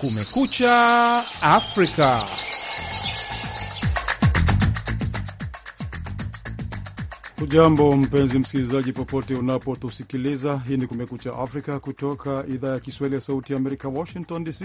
Kumekucha Afrika. Ujambo mpenzi msikilizaji, popote unapotusikiliza. Hii ni Kumekucha Afrika kutoka idhaa ya Kiswahili ya Sauti ya Amerika, Washington DC.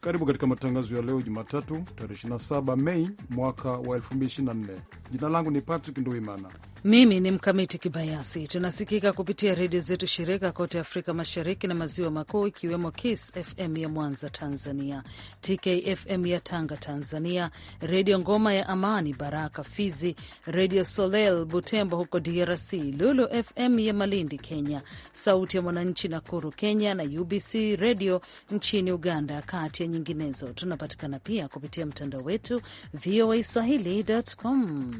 Karibu katika matangazo ya leo Jumatatu, tarehe 27 Mei mwaka wa 2024. Jina langu ni Patrick Nduimana mimi ni Mkamiti Kibayasi. Tunasikika kupitia redio zetu shirika kote Afrika Mashariki na Maziwa Makuu, ikiwemo Kiss FM ya Mwanza Tanzania, TKFM ya Tanga Tanzania, Redio Ngoma ya Amani Baraka Fizi, Redio Soleil Butembo huko DRC, Lulu FM ya Malindi Kenya, Sauti ya Mwananchi Nakuru Kenya na UBC Redio nchini Uganda, kati ya nyinginezo. Tunapatikana pia kupitia mtandao wetu voa swahili.com.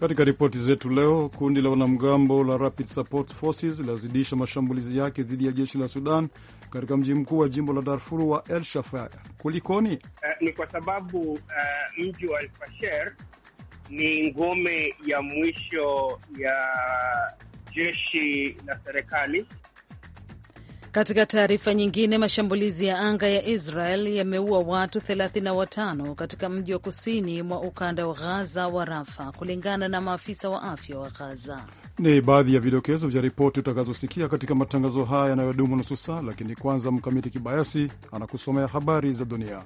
Katika ripoti zetu leo, kundi la wanamgambo la Rapid Support Forces lazidisha mashambulizi yake dhidi ya jeshi la Sudan katika mji mkuu wa jimbo la Darfur wa el Shafaa. Kulikoni? Uh, ni kwa sababu uh, mji wa alfasher ni ngome ya mwisho ya jeshi la serikali katika taarifa nyingine, mashambulizi ya anga ya Israel yameua watu 35 katika mji wa kusini mwa ukanda wa Ghaza wa Rafa, kulingana na maafisa wa afya wa Ghaza. Ni baadhi ya vidokezo vya ripoti utakazosikia katika matangazo haya yanayodumu nusu saa, lakini kwanza, Mkamiti Kibayasi anakusomea habari za dunia.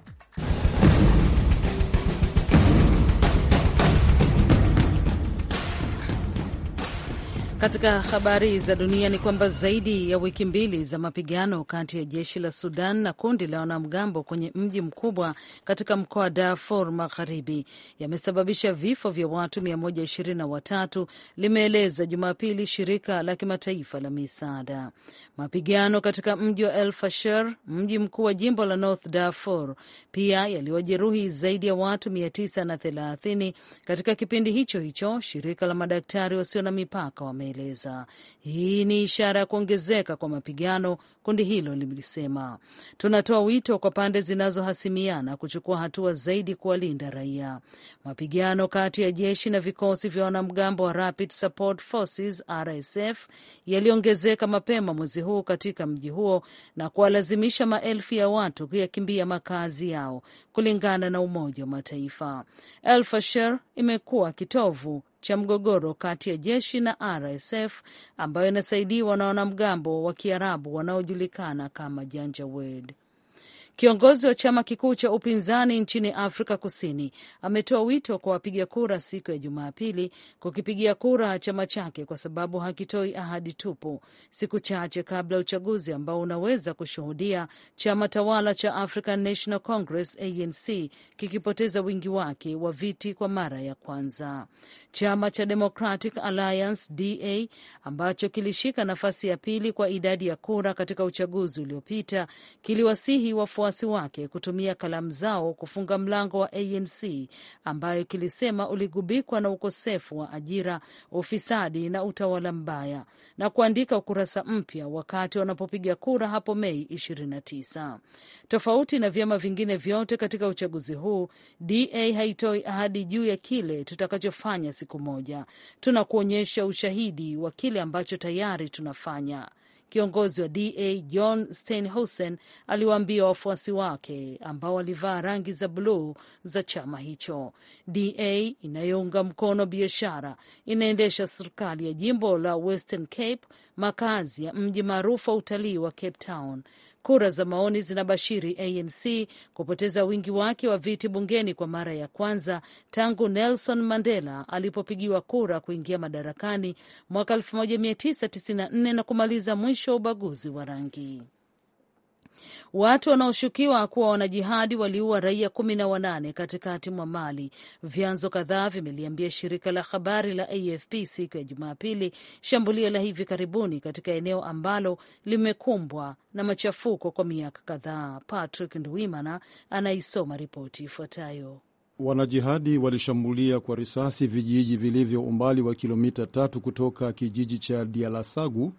Katika habari za dunia ni kwamba zaidi ya wiki mbili za mapigano kati ya jeshi la Sudan na kundi la wanamgambo kwenye mji mkubwa katika mkoa wa Darfur Magharibi yamesababisha vifo vya watu 123, limeeleza Jumapili shirika la kimataifa la misaada. Mapigano katika mji wa El Fasher, mji mkuu wa jimbo la North Darfur, pia yaliwajeruhi zaidi ya watu 930 katika kipindi hicho hicho, shirika la madaktari wasio na mipaka wame imeeleza. Hii ni ishara ya kuongezeka kwa mapigano, kundi hilo lilisema. Tunatoa wito kwa pande zinazohasimiana kuchukua hatua zaidi kuwalinda raia. Mapigano kati ya jeshi na vikosi vya wanamgambo wa Rapid Support Forces RSF yaliongezeka mapema mwezi huu katika mji huo na kuwalazimisha maelfu ya watu kuyakimbia makazi yao, kulingana na Umoja wa Mataifa. El Fasher imekuwa kitovu cha mgogoro kati ya jeshi na RSF ambayo inasaidiwa na wanamgambo wa Kiarabu wanaojulikana kama Janjaweed. Kiongozi wa chama kikuu cha upinzani nchini Afrika Kusini ametoa wito kwa wapiga kura siku ya Jumapili kukipigia kura chama chake kwa sababu hakitoi ahadi tupu, siku chache kabla ya uchaguzi ambao unaweza kushuhudia chama tawala cha African National Congress ANC kikipoteza wingi wake wa viti kwa mara ya kwanza. Chama cha Democratic Alliance DA ambacho kilishika nafasi ya pili kwa idadi ya kura katika uchaguzi uliopita kiliwasihi wafuasi wake kutumia kalamu zao kufunga mlango wa ANC ambayo kilisema uligubikwa na ukosefu wa ajira, ufisadi na utawala mbaya, na kuandika ukurasa mpya wakati wanapopiga kura hapo Mei 29. Tofauti na vyama vingine vyote katika uchaguzi huu, DA haitoi ahadi juu ya kile tutakachofanya siku moja. Tunakuonyesha ushahidi wa kile ambacho tayari tunafanya. Kiongozi wa DA John Steinhausen aliwaambia wafuasi wake ambao walivaa rangi za bluu za chama hicho. DA inayounga mkono biashara inaendesha serikali ya jimbo la Western Cape, makazi ya mji maarufu wa utalii wa Cape Town. Kura za maoni zinabashiri ANC kupoteza wingi wake wa viti bungeni kwa mara ya kwanza tangu Nelson Mandela alipopigiwa kura kuingia madarakani mwaka 1994 na kumaliza mwisho wa ubaguzi wa rangi. Watu wanaoshukiwa kuwa wanajihadi waliua raia kumi na wanane katikati mwa Mali, vyanzo kadhaa vimeliambia shirika la habari la AFP siku ya Jumapili, shambulio la hivi karibuni katika eneo ambalo limekumbwa na machafuko kwa miaka kadhaa. Patrick Ndwimana anaisoma ripoti ifuatayo. Wanajihadi walishambulia kwa risasi vijiji vilivyo umbali wa kilomita tatu kutoka kijiji cha Dialasagu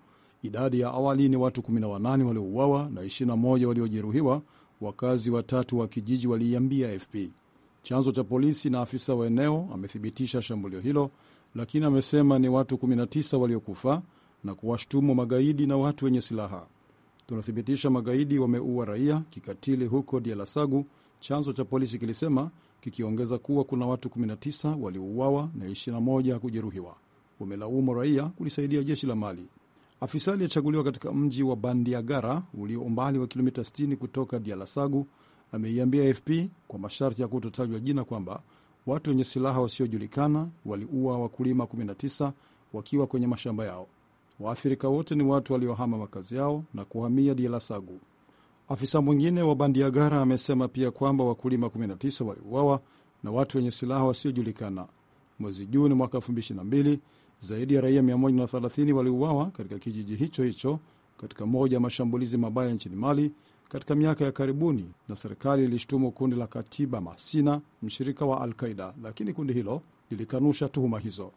Idadi ya awali ni watu 18 waliouawa na 21 waliojeruhiwa, wakazi watatu wa kijiji waliiambia FP. Chanzo cha polisi na afisa wa eneo amethibitisha shambulio hilo, lakini amesema ni watu 19 waliokufa na kuwashtumu magaidi na watu wenye silaha. Tunathibitisha magaidi wameua raia kikatili huko Dialasagu, chanzo cha polisi kilisema, kikiongeza kuwa kuna watu 19 waliouawa na 21 kujeruhiwa. Umelaumu raia kulisaidia jeshi la Mali. Afisa aliyechaguliwa katika mji wa Bandiagara ulio umbali wa kilomita 60 kutoka Dialasagu ameiambia AFP kwa masharti ya kutotajwa jina kwamba watu wenye silaha wasiojulikana waliua wakulima 19 wakiwa kwenye mashamba yao. Waathirika wote ni watu waliohama makazi yao na kuhamia Dialasagu. Afisa mwingine wa Bandiagara amesema pia kwamba wakulima 19 waliuawa na watu wenye silaha wasiojulikana. Mwezi Juni mwaka zaidi ya raia 130 waliuawa katika kijiji hicho hicho katika moja ya mashambulizi mabaya nchini Mali katika miaka ya karibuni, na serikali ilishtumu kundi la Katiba Masina, mshirika wa Alqaida, lakini kundi hilo lilikanusha tuhuma hizo.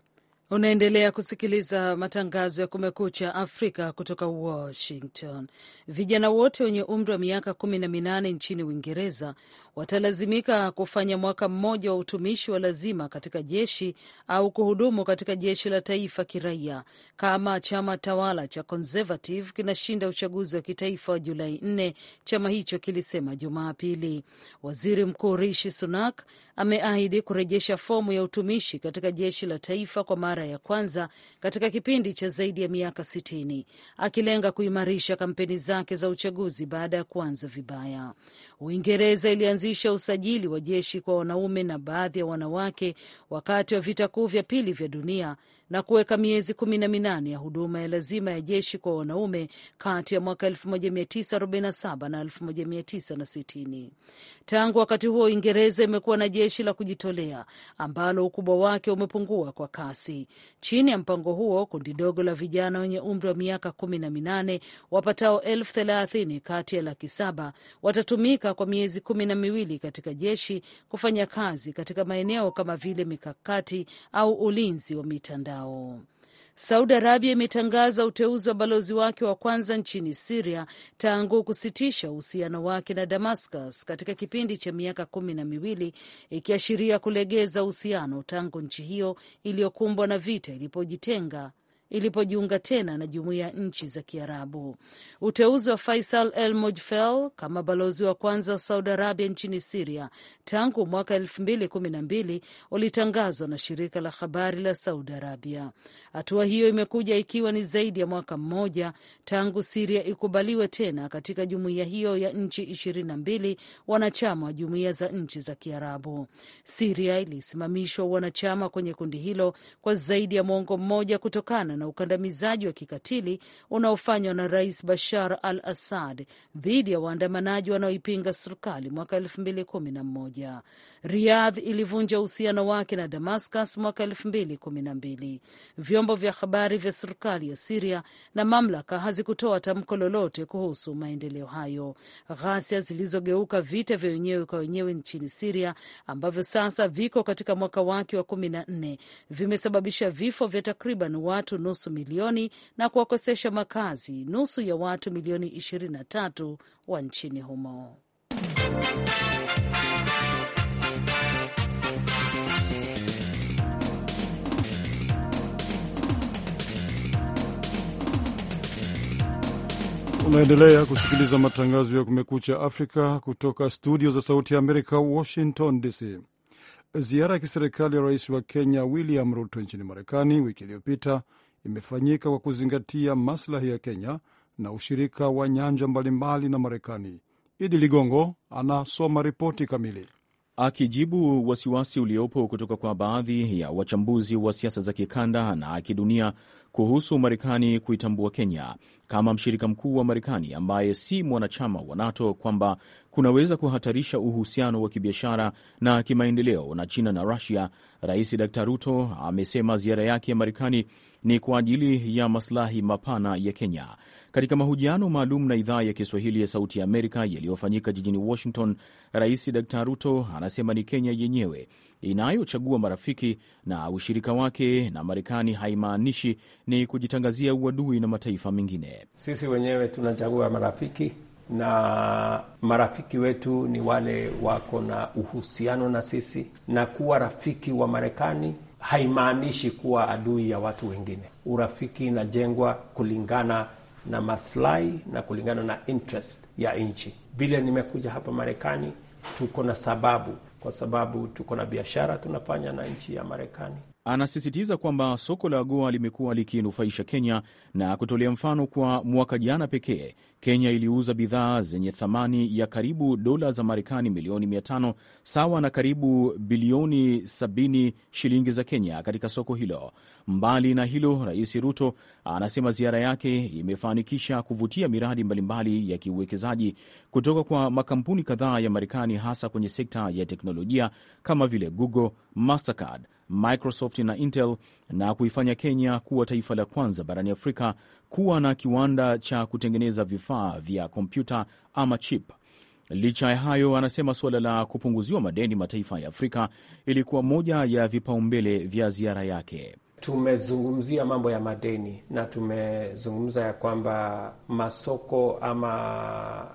Unaendelea kusikiliza matangazo ya Kumekucha Afrika kutoka Washington. Vijana wote wenye umri wa miaka kumi na minane nchini Uingereza watalazimika kufanya mwaka mmoja wa utumishi wa lazima katika jeshi au kuhudumu katika jeshi la taifa kiraia, kama chama tawala cha Conservative kinashinda uchaguzi wa kitaifa wa Julai nne, chama hicho kilisema Jumapili. Waziri Mkuu Rishi Sunak ameahidi kurejesha fomu ya utumishi katika jeshi la taifa kwa mara mara ya kwanza katika kipindi cha zaidi ya miaka sitini akilenga kuimarisha kampeni zake za uchaguzi baada ya kuanza vibaya. Uingereza ilianzisha usajili wa jeshi kwa wanaume na baadhi ya wanawake wakati wa vita kuu vya pili vya dunia na kuweka miezi kumi na minane ya huduma ya lazima ya jeshi kwa wanaume kati ya mwaka 1947 na 1960. Tangu wakati huo, Uingereza imekuwa na jeshi la kujitolea ambalo ukubwa wake umepungua kwa kasi. Chini ya mpango huo, kundi dogo la vijana wenye umri wa miaka kumi na minane wapatao elfu thelathini kati ya laki saba watatumika kwa miezi kumi na miwili katika jeshi kufanya kazi katika maeneo kama vile mikakati au ulinzi wa mitandao zao. Saudi Arabia imetangaza uteuzi wa balozi wake wa kwanza nchini Siria tangu kusitisha uhusiano wake na Damascus katika kipindi cha miaka kumi na miwili, ikiashiria kulegeza uhusiano tangu nchi hiyo iliyokumbwa na vita ilipojitenga ilipojiunga tena na jumuiya nchi za Kiarabu. Uteuzi wa Faisal El Mojfel kama balozi wa kwanza wa Saudi Arabia nchini Siria tangu mwaka elfu mbili kumi na mbili ulitangazwa na shirika la habari la Saudi Arabia. Hatua hiyo imekuja ikiwa ni zaidi ya mwaka mmoja tangu Siria ikubaliwe tena katika jumuiya hiyo ya nchi ishirini na mbili wanachama wa jumuiya za nchi za Kiarabu. Siria ilisimamishwa wanachama kwenye kundi hilo kwa zaidi ya mwongo mmoja kutokana na ukandamizaji wa kikatili unaofanywa na Rais Bashar al Assad dhidi ya waandamanaji wanaoipinga serikali mwaka 2011. Riyadh ilivunja uhusiano wake na Damascus mwaka 2012. Vyombo vya habari vya serikali ya Siria na mamlaka hazikutoa tamko lolote kuhusu maendeleo hayo. Ghasia zilizogeuka vita vya wenyewe kwa wenyewe nchini Siria ambavyo sasa viko katika mwaka wake wa kumi na nne vimesababisha vifo vya takriban watu nusu milioni na kuwakosesha makazi nusu ya watu milioni 23 wa nchini humo. Unaendelea kusikiliza matangazo ya Kumekucha Afrika kutoka studio za Sauti ya Amerika, Washington DC. Ziara ya kiserikali ya rais wa Kenya William Ruto nchini Marekani wiki iliyopita imefanyika kwa kuzingatia maslahi ya Kenya na ushirika wa nyanja mbalimbali na Marekani. Idi Ligongo anasoma ripoti kamili. Akijibu wasiwasi uliopo kutoka kwa baadhi ya wachambuzi wa siasa za kikanda na kidunia kuhusu Marekani kuitambua Kenya kama mshirika mkuu wa Marekani ambaye si mwanachama wa NATO kwamba kunaweza kuhatarisha uhusiano wa kibiashara na kimaendeleo na China na Rusia, Rais Dr. Ruto amesema ziara yake ya Marekani ni kwa ajili ya maslahi mapana ya Kenya. Katika mahojiano maalum na idhaa ya Kiswahili ya Sauti ya Amerika yaliyofanyika jijini Washington, Rais Dr Ruto anasema ni Kenya yenyewe inayochagua marafiki na ushirika wake na Marekani haimaanishi ni kujitangazia uadui na mataifa mengine. Sisi wenyewe tunachagua marafiki na marafiki wetu ni wale wako na uhusiano na sisi, na kuwa rafiki wa Marekani haimaanishi kuwa adui ya watu wengine. Urafiki inajengwa kulingana na maslahi na kulingana na interest ya nchi. Vile nimekuja hapa Marekani, tuko na sababu, kwa sababu tuko na biashara tunafanya na nchi ya Marekani. Anasisitiza kwamba soko la AGOA limekuwa likinufaisha Kenya na kutolea mfano, kwa mwaka jana pekee Kenya iliuza bidhaa zenye thamani ya karibu dola za Marekani milioni 500 sawa na karibu bilioni 70 shilingi za Kenya katika soko hilo. Mbali na hilo, Rais Ruto anasema ziara yake imefanikisha kuvutia miradi mbalimbali ya kiuwekezaji kutoka kwa makampuni kadhaa ya Marekani, hasa kwenye sekta ya teknolojia kama vile Google, Mastercard Microsoft na Intel na kuifanya Kenya kuwa taifa la kwanza barani Afrika kuwa na kiwanda cha kutengeneza vifaa vya kompyuta ama chip. Licha ya hayo, anasema suala la kupunguziwa madeni mataifa ya Afrika ilikuwa moja ya vipaumbele vya ziara yake. Tumezungumzia mambo ya madeni na tumezungumza ya kwamba masoko ama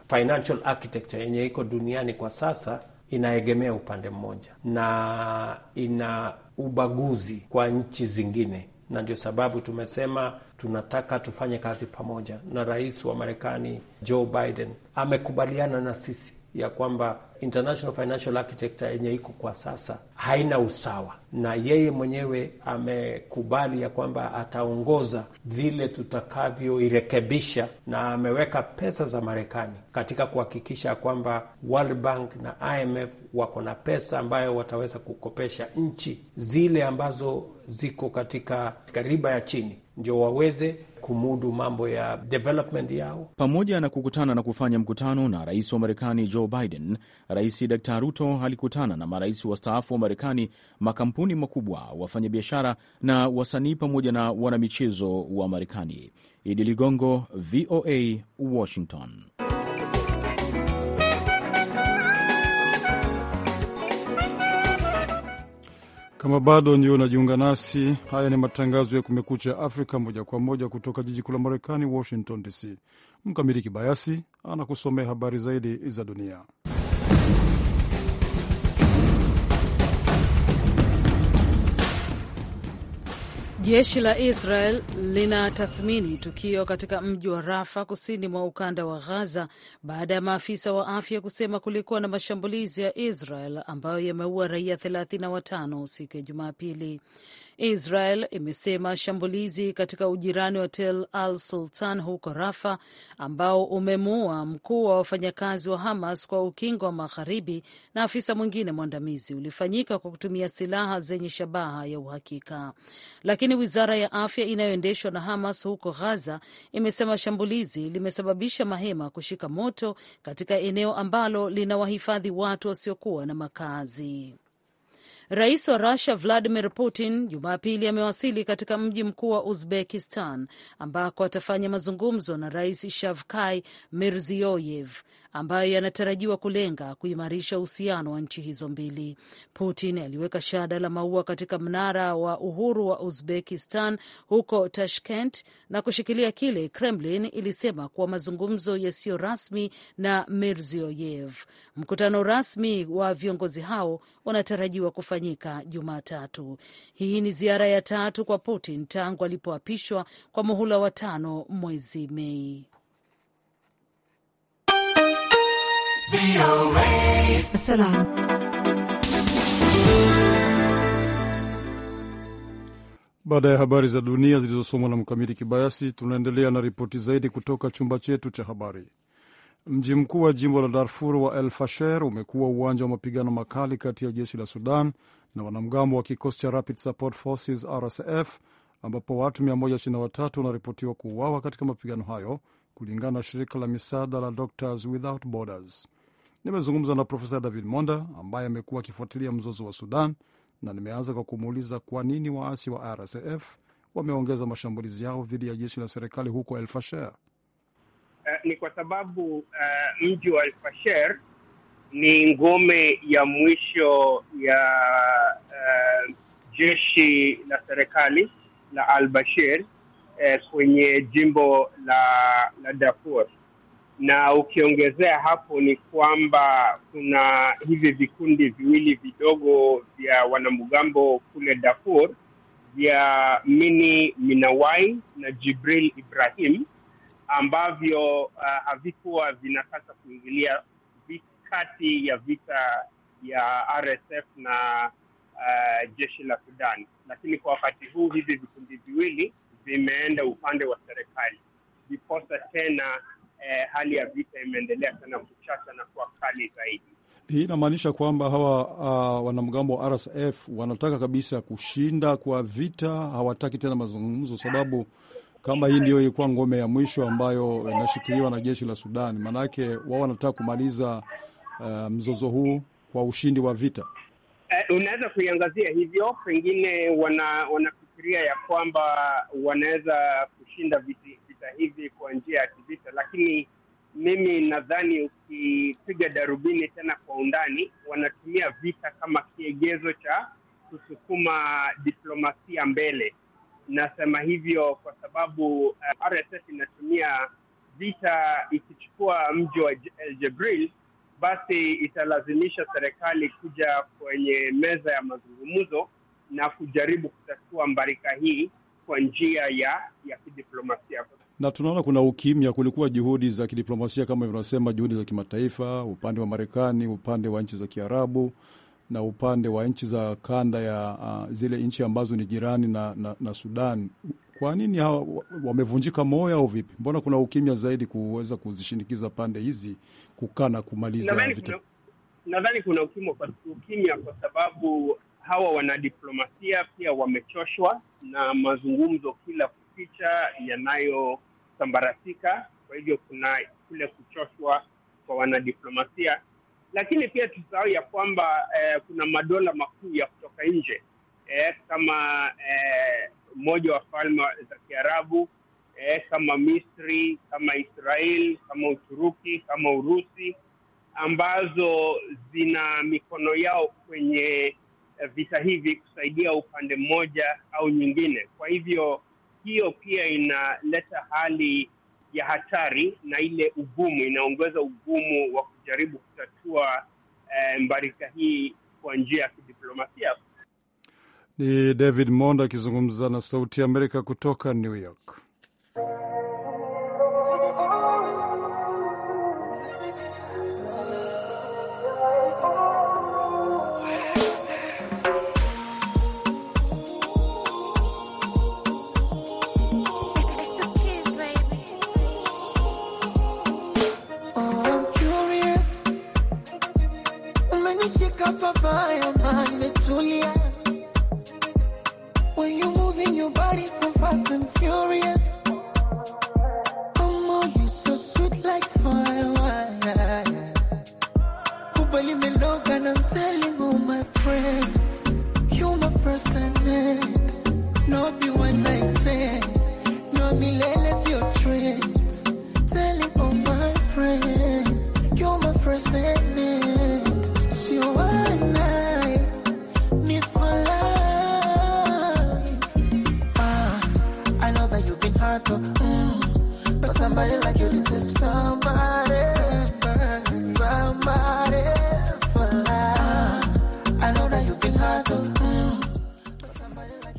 financial architecture yenye iko duniani kwa sasa inaegemea upande mmoja na ina ubaguzi kwa nchi zingine, na ndio sababu tumesema tunataka tufanye kazi pamoja, na rais wa Marekani Joe Biden amekubaliana na sisi ya kwamba international financial architecture yenye iko kwa sasa haina usawa, na yeye mwenyewe amekubali ya kwamba ataongoza vile tutakavyoirekebisha, na ameweka pesa za Marekani katika kuhakikisha kwamba World Bank na IMF wako na pesa ambayo wataweza kukopesha nchi zile ambazo ziko katika, katika riba ya chini ndio waweze kumudu mambo ya development yao. Pamoja na kukutana na kufanya mkutano na rais wa Marekani Joe Biden, Rais Dr Ruto alikutana na marais wastaafu wa Marekani, makampuni makubwa, wafanyabiashara na wasanii pamoja na wanamichezo wa Marekani. Idi Ligongo, VOA, Washington. Kama bado ndio unajiunga nasi, haya ni matangazo ya Kumekucha Afrika moja kwa moja kutoka jiji kuu la Marekani, Washington DC. Mkamiliki Kibayasi anakusomea habari zaidi za dunia. Jeshi la Israel linatathmini tukio katika mji wa Rafa kusini mwa ukanda wa Gaza baada ya maafisa wa afya kusema kulikuwa na mashambulizi ya Israel ambayo yameua raia 35 siku ya Jumapili. Israel imesema shambulizi katika ujirani wa Tel Al Sultan huko Rafa, ambao umemuua mkuu wa wafanyakazi wa Hamas kwa ukingo wa magharibi na afisa mwingine mwandamizi, ulifanyika kwa kutumia silaha zenye shabaha ya uhakika. Lakini wizara ya afya inayoendeshwa na Hamas huko ghaza imesema shambulizi limesababisha mahema kushika moto katika eneo ambalo linawahifadhi watu wasiokuwa na makazi. Rais wa Rusia Vladimir Putin Jumapili amewasili katika mji mkuu wa Uzbekistan ambako atafanya mazungumzo na Rais shavkai Mirziyoyev ambayo yanatarajiwa kulenga kuimarisha uhusiano wa nchi hizo mbili. Putin aliweka shada la maua katika mnara wa uhuru wa Uzbekistan huko Tashkent na kushikilia kile Kremlin ilisema kuwa mazungumzo yasiyo rasmi na Mirziyoyev. Mkutano rasmi wa viongozi hao unatarajiwa kufanyika Jumatatu. Hii ni ziara ya tatu kwa Putin tangu alipoapishwa kwa muhula wa tano mwezi Mei. Salam. Baada ya habari za dunia zilizosomwa na Mkamiti Kibayasi, tunaendelea na ripoti zaidi kutoka chumba chetu cha habari. Mji mkuu wa jimbo la Darfur wa El Fasher umekuwa uwanja wa mapigano makali kati ya jeshi la Sudan na wanamgambo wa kikosi cha Rapid Support Forces RSF, ambapo watu 123 wanaripotiwa kuuawa katika mapigano hayo, kulingana na shirika la misaada la Doctors Without Borders. Nimezungumza na Profesa David Monda ambaye amekuwa akifuatilia mzozo wa Sudan, na nimeanza kwa kumuuliza kwa nini waasi wa RSF wameongeza mashambulizi yao dhidi ya jeshi la serikali huko El Fasher. Uh, ni kwa sababu uh, mji wa El Fasher ni ngome ya mwisho ya uh, jeshi la serikali la Al Bashir kwenye jimbo la, la Darfur na ukiongezea hapo ni kwamba kuna hivi vikundi viwili vidogo vya wanamgambo kule Darfur vya Mini Minawai na Jibril Ibrahim ambavyo uh, havikuwa vinataka kuingilia kati ya vita ya RSF na uh, jeshi la Sudan, lakini kwa wakati huu hivi vikundi viwili vimeenda upande wa serikali, viposa tena eh, hali ya vita imeendelea sana kuchacha na kuwa kali zaidi. Hii inamaanisha kwamba hawa uh, wanamgambo wa RSF wanataka kabisa kushinda kwa vita, hawataki tena mazungumzo, sababu kama hii ndiyo ilikuwa ngome ya mwisho ambayo inashikiliwa na jeshi la Sudan. Maanake wao wanataka kumaliza uh, mzozo huu kwa ushindi wa vita. Uh, unaweza kuiangazia hivyo, pengine wana, wanafikiria ya kwamba wanaweza kushinda sasa hivi kwa njia ya kivita, lakini mimi nadhani ukipiga darubini tena kwa undani, wanatumia vita kama kiegezo cha kusukuma diplomasia mbele. Nasema hivyo kwa sababu uh, eh, RSF inatumia vita, ikichukua mji wa El eh, Jebril, basi italazimisha serikali kuja kwenye meza ya mazungumzo na kujaribu kutatua mbarika hii kwa njia ya ya kidiplomasia na tunaona kuna ukimya. Kulikuwa juhudi za kidiplomasia kama vinavyosema, juhudi za kimataifa, upande wa Marekani, upande wa nchi za Kiarabu na upande wa nchi za kanda ya uh, zile nchi ambazo ni jirani na, na, na Sudan. Kwa nini hawa wamevunjika moyo au vipi? Mbona kuna ukimya zaidi kuweza kuzishinikiza pande hizi kukaa na kumaliza vita? Nadhani kuna ukimya kwa, ukimya kwa sababu hawa wanadiplomasia pia wamechoshwa na mazungumzo kila kupicha yanayo kusambaratika. Kwa hivyo kuna kule kuchoshwa kwa wanadiplomasia, lakini pia tusahau ya kwamba eh, kuna madola makuu ya kutoka nje eh, kama mmoja eh, wa falme za Kiarabu eh, kama Misri, kama Israel, kama Uturuki, kama Urusi ambazo zina mikono yao kwenye eh, vita hivi kusaidia upande mmoja au nyingine. Kwa hivyo hiyo pia inaleta hali ya hatari na ile ugumu, inaongeza ugumu wa kujaribu kutatua eh, mbarika hii kwa njia ya kidiplomasia. Ni David Monda akizungumza na Sauti ya Amerika kutoka New York. curious.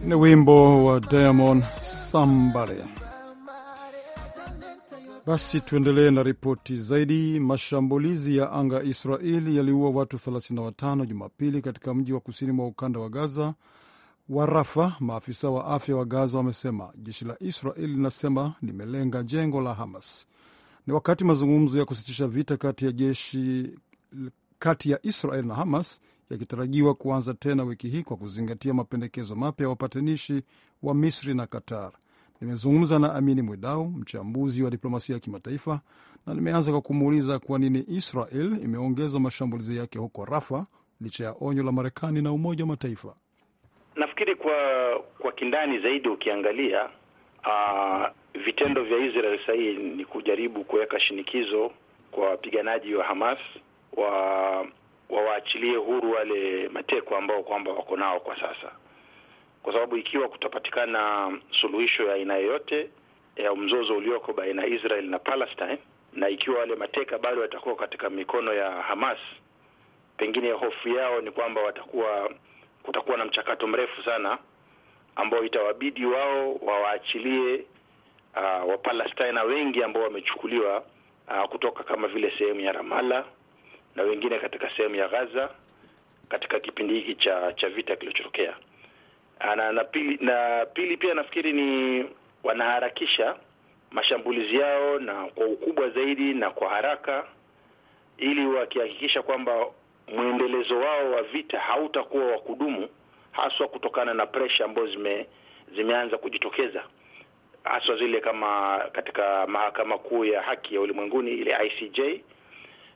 Ni wimbo wa Diamond Sambare. Basi tuendelee na ripoti zaidi. Mashambulizi ya anga Israeli yaliua watu 35 Jumapili katika mji wa kusini mwa ukanda wa Gaza wa Rafa, maafisa wa afya wa Gaza wamesema. Jeshi la Israeli linasema limelenga jengo la Hamas. Ni wakati mazungumzo ya kusitisha vita kati ya jeshi kati ya Israel na Hamas yakitarajiwa kuanza tena wiki hii kwa kuzingatia mapendekezo mapya ya wapatanishi wa Misri na Qatar. Nimezungumza na Amini Mwidau, mchambuzi wa diplomasia ya kimataifa, na nimeanza kwa kumuuliza kwa nini Israel imeongeza mashambulizi yake huko Rafa licha ya onyo la Marekani na Umoja wa Mataifa. Nafikiri kwa kwa kindani zaidi ukiangalia uh, vitendo vya Israel sahii ni kujaribu kuweka shinikizo kwa wapiganaji wa Hamas wawaachilie huru wale mateko ambao kwamba wako nao kwa sasa, kwa sababu ikiwa kutapatikana suluhisho ya aina yoyote ya mzozo ulioko baina ya Israel na Palestine, na ikiwa wale mateka bado watakuwa katika mikono ya Hamas, pengine hofu yao ni kwamba watakuwa kutakuwa na mchakato mrefu sana ambao itawabidi wao wawaachilie uh, ah, Wapalestina wengi ambao wamechukuliwa uh, kutoka kama vile sehemu ya Ramala na wengine katika sehemu ya Gaza katika kipindi hiki cha cha vita kilichotokea. Ah, na, na pili na pili pia nafikiri ni wanaharakisha mashambulizi yao na kwa ukubwa zaidi na kwa haraka, ili wakihakikisha kwamba mwendelezo wao wa vita hautakuwa wa kudumu, haswa kutokana na presha ambazo zime zimeanza kujitokeza haswa zile kama katika mahakama kuu ya haki ya ulimwenguni ile ICJ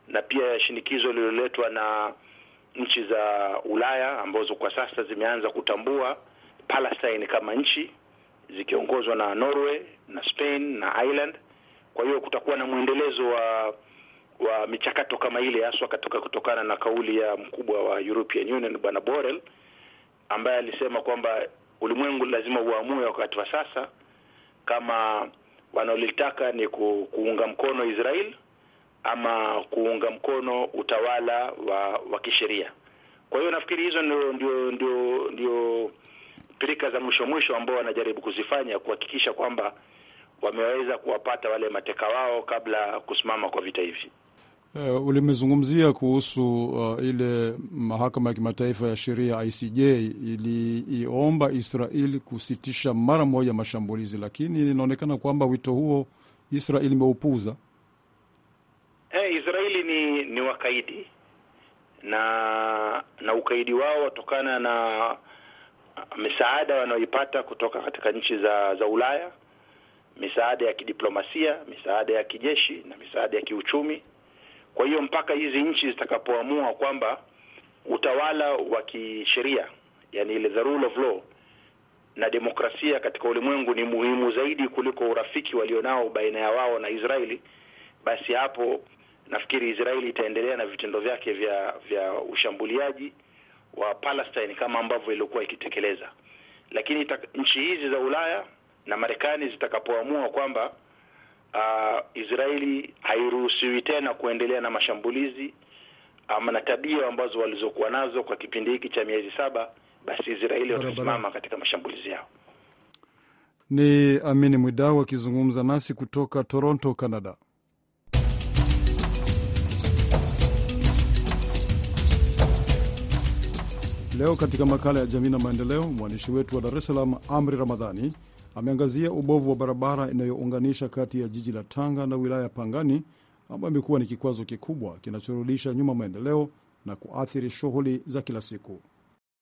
na pia shinikizo lililoletwa na nchi za Ulaya ambazo kwa sasa zimeanza kutambua Palestine kama nchi zikiongozwa na Norway na Spain na Ireland. Kwa hiyo kutakuwa na mwendelezo wa wa michakato kama ile haswa katika kutokana na kauli ya mkubwa wa European Union Bwana Borrell ambaye alisema kwamba ulimwengu lazima uamue wakati wa sasa kama wanaolitaka ni ku, kuunga mkono Israel ama kuunga mkono utawala wa wa kisheria. Kwa hiyo nafikiri hizo ndio ndio ndio ndio pirika za mwisho mwisho ambao wanajaribu kuzifanya kuhakikisha kwamba wameweza kuwapata wale mateka wao kabla kusimama kwa vita hivi. Uh, ulimezungumzia kuhusu uh, ile mahakama ya kimataifa ya sheria ICJ iliiomba Israel kusitisha mara moja mashambulizi, lakini inaonekana kwamba wito huo Israel imeupuza. Pili ni ni wakaidi na na ukaidi wao watokana na misaada wanaoipata kutoka katika nchi za za Ulaya, misaada ya kidiplomasia, misaada ya kijeshi na misaada ya kiuchumi. Kwa hiyo mpaka hizi nchi zitakapoamua kwamba utawala wa kisheria, yani ile the rule of law na demokrasia katika ulimwengu ni muhimu zaidi kuliko urafiki walionao baina ya wao na Israeli, basi hapo nafikiri Israeli itaendelea na vitendo vyake vya vya ushambuliaji wa Palestine kama ambavyo ilikuwa ikitekeleza, lakini ita, nchi hizi za Ulaya na Marekani zitakapoamua kwamba uh, Israeli hairuhusiwi tena kuendelea na mashambulizi ama ah, na tabia ambazo walizokuwa nazo kwa kipindi hiki cha miezi saba, basi Israeli watasimama katika mashambulizi yao. Ni Amini Mwidau akizungumza nasi kutoka Toronto, Canada. Leo katika makala ya jamii na maendeleo, mwandishi wetu wa Dar es Salaam Amri Ramadhani ameangazia ubovu wa barabara inayounganisha kati ya jiji la Tanga na wilaya ya Pangani ambayo imekuwa ni kikwazo kikubwa kinachorudisha nyuma maendeleo na kuathiri shughuli za kila siku.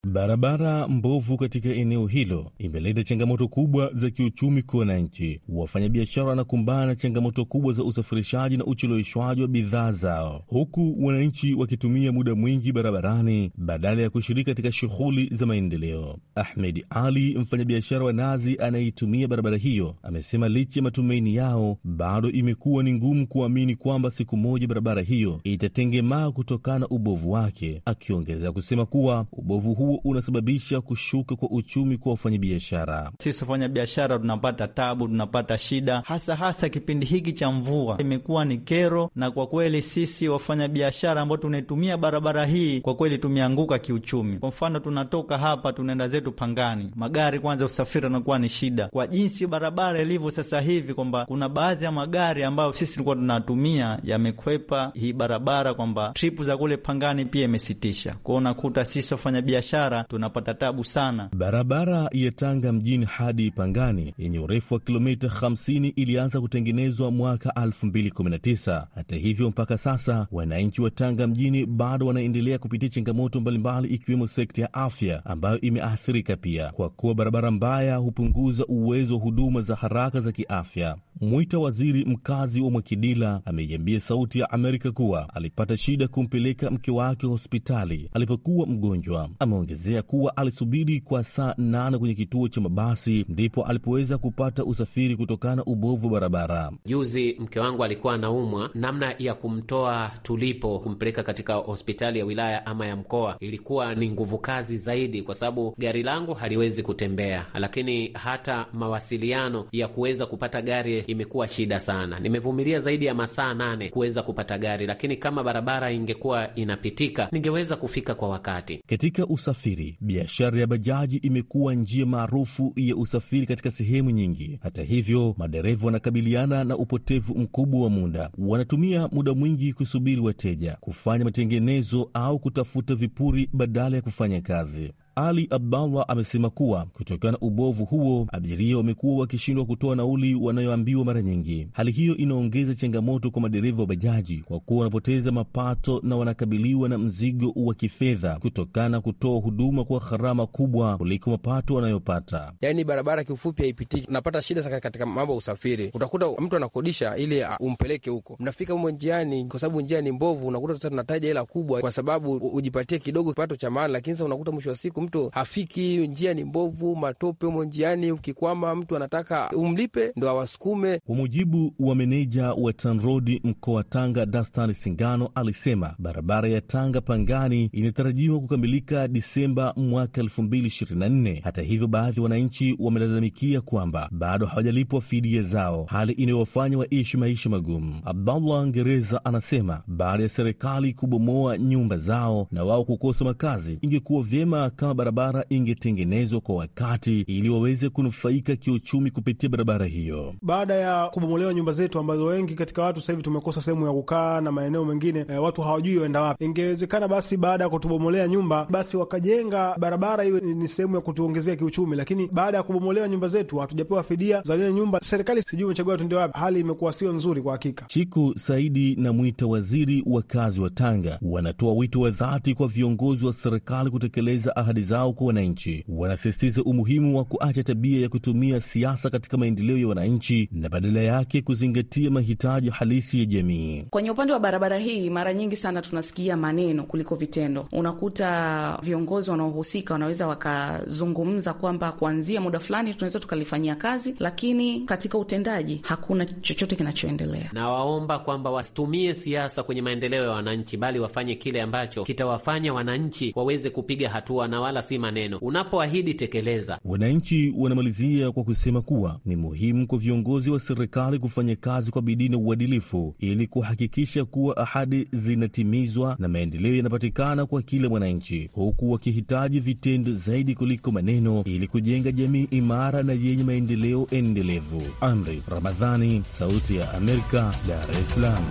Barabara mbovu katika eneo hilo imeleta changamoto kubwa za kiuchumi kwa wananchi. Wafanyabiashara wanakumbana na changamoto kubwa za usafirishaji na ucheleweshwaji wa bidhaa zao, huku wananchi wakitumia muda mwingi barabarani badala ya kushiriki katika shughuli za maendeleo. Ahmed Ali, mfanyabiashara wa nazi anayeitumia barabara hiyo, amesema licha ya matumaini yao, bado imekuwa ni ngumu kuamini kwamba siku moja barabara hiyo itatengemaa kutokana na ubovu wake, akiongezea kusema kuwa ubovu huo huu unasababisha kushuka kwa uchumi kwa wafanyabiashara. Sisi wafanyabiashara tunapata tabu, tunapata shida, hasa hasa kipindi hiki cha mvua imekuwa ni kero, na kwa kweli sisi wafanyabiashara ambao tunaitumia barabara hii kwa kweli tumeanguka kiuchumi. Kwa mfano, tunatoka hapa tunaenda zetu Pangani, magari kwanza usafiri unakuwa ni shida kwa jinsi barabara ilivyo sasa hivi, kwamba kuna baadhi ya magari ambayo sisi tulikuwa tunatumia yamekwepa hii barabara, kwamba tripu za kule Pangani pia imesitisha kwao, unakuta sisi wafanyabiashara barabara tunapata tabu sana. Barabara ya Tanga mjini hadi Pangani yenye urefu wa kilomita 50 ilianza kutengenezwa mwaka 2019. Hata hivyo, mpaka sasa wananchi wa Tanga mjini bado wanaendelea kupitia changamoto mbalimbali, ikiwemo sekta ya afya ambayo imeathirika pia, kwa kuwa barabara mbaya hupunguza uwezo wa huduma za haraka za kiafya. Mwita waziri mkazi wa Mwakidila ameiambia Sauti ya Amerika kuwa alipata shida kumpeleka mke wake hospitali alipokuwa mgonjwa. Ameongeza ameongezea kuwa alisubiri kwa saa nane kwenye kituo cha mabasi ndipo alipoweza kupata usafiri kutokana ubovu wa barabara. Juzi mke wangu alikuwa anaumwa, namna ya kumtoa tulipo kumpeleka katika hospitali ya wilaya ama ya mkoa ilikuwa ni nguvu kazi zaidi, kwa sababu gari langu haliwezi kutembea, lakini hata mawasiliano ya kuweza kupata gari imekuwa shida sana. Nimevumilia zaidi ya masaa nane kuweza kupata gari, lakini kama barabara ingekuwa inapitika ningeweza kufika kwa wakati. Katika usafiri. Biashara ya bajaji imekuwa njia maarufu ya usafiri katika sehemu nyingi. Hata hivyo, madereva wanakabiliana na upotevu mkubwa wa muda. Wanatumia muda mwingi kusubiri wateja, kufanya matengenezo au kutafuta vipuri badala ya kufanya kazi. Ali Abdallah amesema kuwa kutokana na ubovu huo, abiria wamekuwa wakishindwa kutoa nauli wanayoambiwa mara nyingi. Hali hiyo inaongeza changamoto kwa madereva wa bajaji kwa kuwa wanapoteza mapato na wanakabiliwa na mzigo wa kifedha kutokana na kutoa huduma kwa gharama kubwa kuliko mapato wanayopata. Yaani barabara kiufupi haipitiki, napata shida katika mambo ya usafiri. Utakuta mtu anakodisha ili umpeleke huko, mnafika humo njiani, kwa sababu njia ni mbovu, unakuta sasa tunataja hela kubwa kwa sababu ujipatie kidogo kipato cha maana, lakini sasa unakuta mwisho wa siku mtu hafiki, njia ni mbovu, matope humo njiani, ukikwama mtu anataka umlipe ndo awasukume. Kwa mujibu wa meneja wa TANROADS mkoa Tanga, dastani Singano alisema barabara ya Tanga Pangani inatarajiwa kukamilika Disemba mwaka 2024. Hata hivyo, baadhi ya wananchi wamelalamikia kwamba bado hawajalipwa fidia zao, hali inayowafanya waishi maisha magumu. Abdallah Ngereza anasema baada ya serikali kubomoa nyumba zao na wao kukosa makazi, ingekuwa vyema kama barabara ingetengenezwa kwa wakati ili waweze kunufaika kiuchumi kupitia barabara hiyo. Baada ya kubomolewa nyumba zetu ambazo wengi katika watu sasa hivi tumekosa sehemu ya kukaa na maeneo mengine eh, watu hawajui waenda wapi. Ingewezekana basi baada ya kutubomolea nyumba basi wakajenga barabara iwe ni sehemu ya kutuongezea kiuchumi, lakini baada ya kubomolewa nyumba zetu hatujapewa fidia za zile nyumba. Serikali sijui imechagua tuende wapi. Hali imekuwa sio nzuri kwa hakika. Chiku Saidi na Mwita, waziri wakazi wa Tanga, wanatoa wito wa dhati kwa viongozi wa serikali kutekeleza ahadi zao kwa wananchi. Wanasisitiza umuhimu wa kuacha tabia ya kutumia siasa katika maendeleo ya wananchi na badala yake kuzingatia mahitaji halisi ya jamii. Kwenye upande wa barabara hii, mara nyingi sana tunasikia maneno kuliko vitendo. Unakuta viongozi wanaohusika wanaweza wakazungumza kwamba kuanzia muda fulani tunaweza tukalifanyia kazi, lakini katika utendaji hakuna chochote kinachoendelea. Nawaomba kwamba wasitumie siasa kwenye maendeleo ya wananchi, bali wafanye kile ambacho kitawafanya wananchi waweze kupiga hatua na wala wala si maneno. Unapoahidi tekeleza. Wananchi wanamalizia kwa kusema kuwa ni muhimu kwa viongozi wa serikali kufanya kazi kwa bidii na uadilifu ili kuhakikisha kuwa ahadi zinatimizwa na maendeleo yanapatikana kwa kila mwananchi, huku wakihitaji vitendo zaidi kuliko maneno ili kujenga jamii imara na yenye maendeleo endelevu. Amri Ramadhani, Sauti ya Amerika, Dar es Salaam.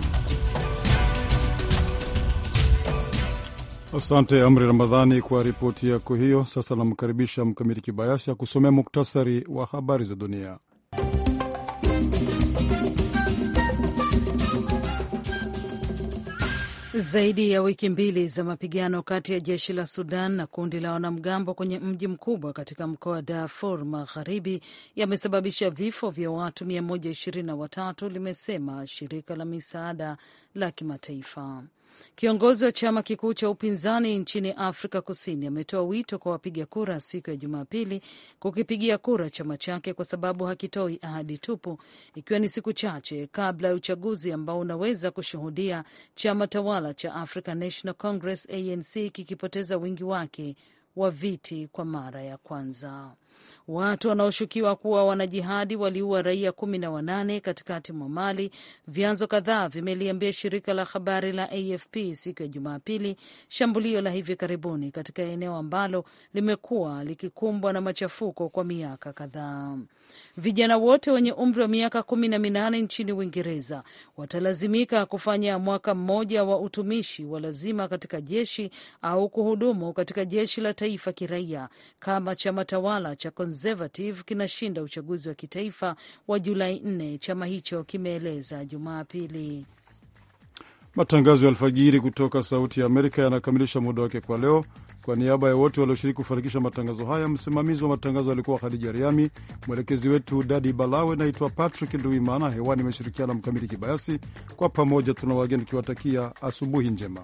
Asante Amri Ramadhani kwa ripoti yako hiyo. Sasa namkaribisha Mkamiti Kibayasi akusomea muktasari wa habari za dunia. Zaidi ya wiki mbili za mapigano kati ya jeshi la Sudan na kundi la wanamgambo kwenye mji mkubwa katika mkoa wa Darfur Magharibi yamesababisha vifo vya watu 123, limesema shirika la misaada la kimataifa. Kiongozi wa chama kikuu cha upinzani nchini Afrika Kusini ametoa wito kwa wapiga kura siku ya Jumapili kukipigia kura chama chake kwa sababu hakitoi ahadi tupu, ikiwa ni siku chache kabla ya uchaguzi ambao unaweza kushuhudia chama tawala cha African National Congress ANC kikipoteza wingi wake wa viti kwa mara ya kwanza. Watu wanaoshukiwa kuwa wanajihadi waliua raia kumi na wanane katikati mwa Mali, vyanzo kadhaa vimeliambia shirika la habari la AFP siku ya Jumapili, shambulio la hivi karibuni katika eneo ambalo limekuwa likikumbwa na machafuko kwa miaka kadhaa. Vijana wote wenye umri wa miaka kumi na minane nchini Uingereza watalazimika kufanya mwaka mmoja wa utumishi wa lazima katika jeshi au kuhudumu katika jeshi la taifa kiraia, kama chama tawala cha Conservative kinashinda uchaguzi wa kitaifa wa Julai 4, chama hicho kimeeleza Jumapili. Matangazo ya alfajiri kutoka Sauti ya Amerika yanakamilisha muda wake kwa leo. Kwa niaba ya wote walioshiriki kufanikisha matangazo haya, msimamizi wa matangazo alikuwa Khadija Riami, mwelekezi wetu Dadi Balawe. Naitwa Patrick Nduimana, hewani imeshirikiana Mkamiti Kibayasi. Kwa pamoja tuna wageni tukiwatakia asubuhi njema.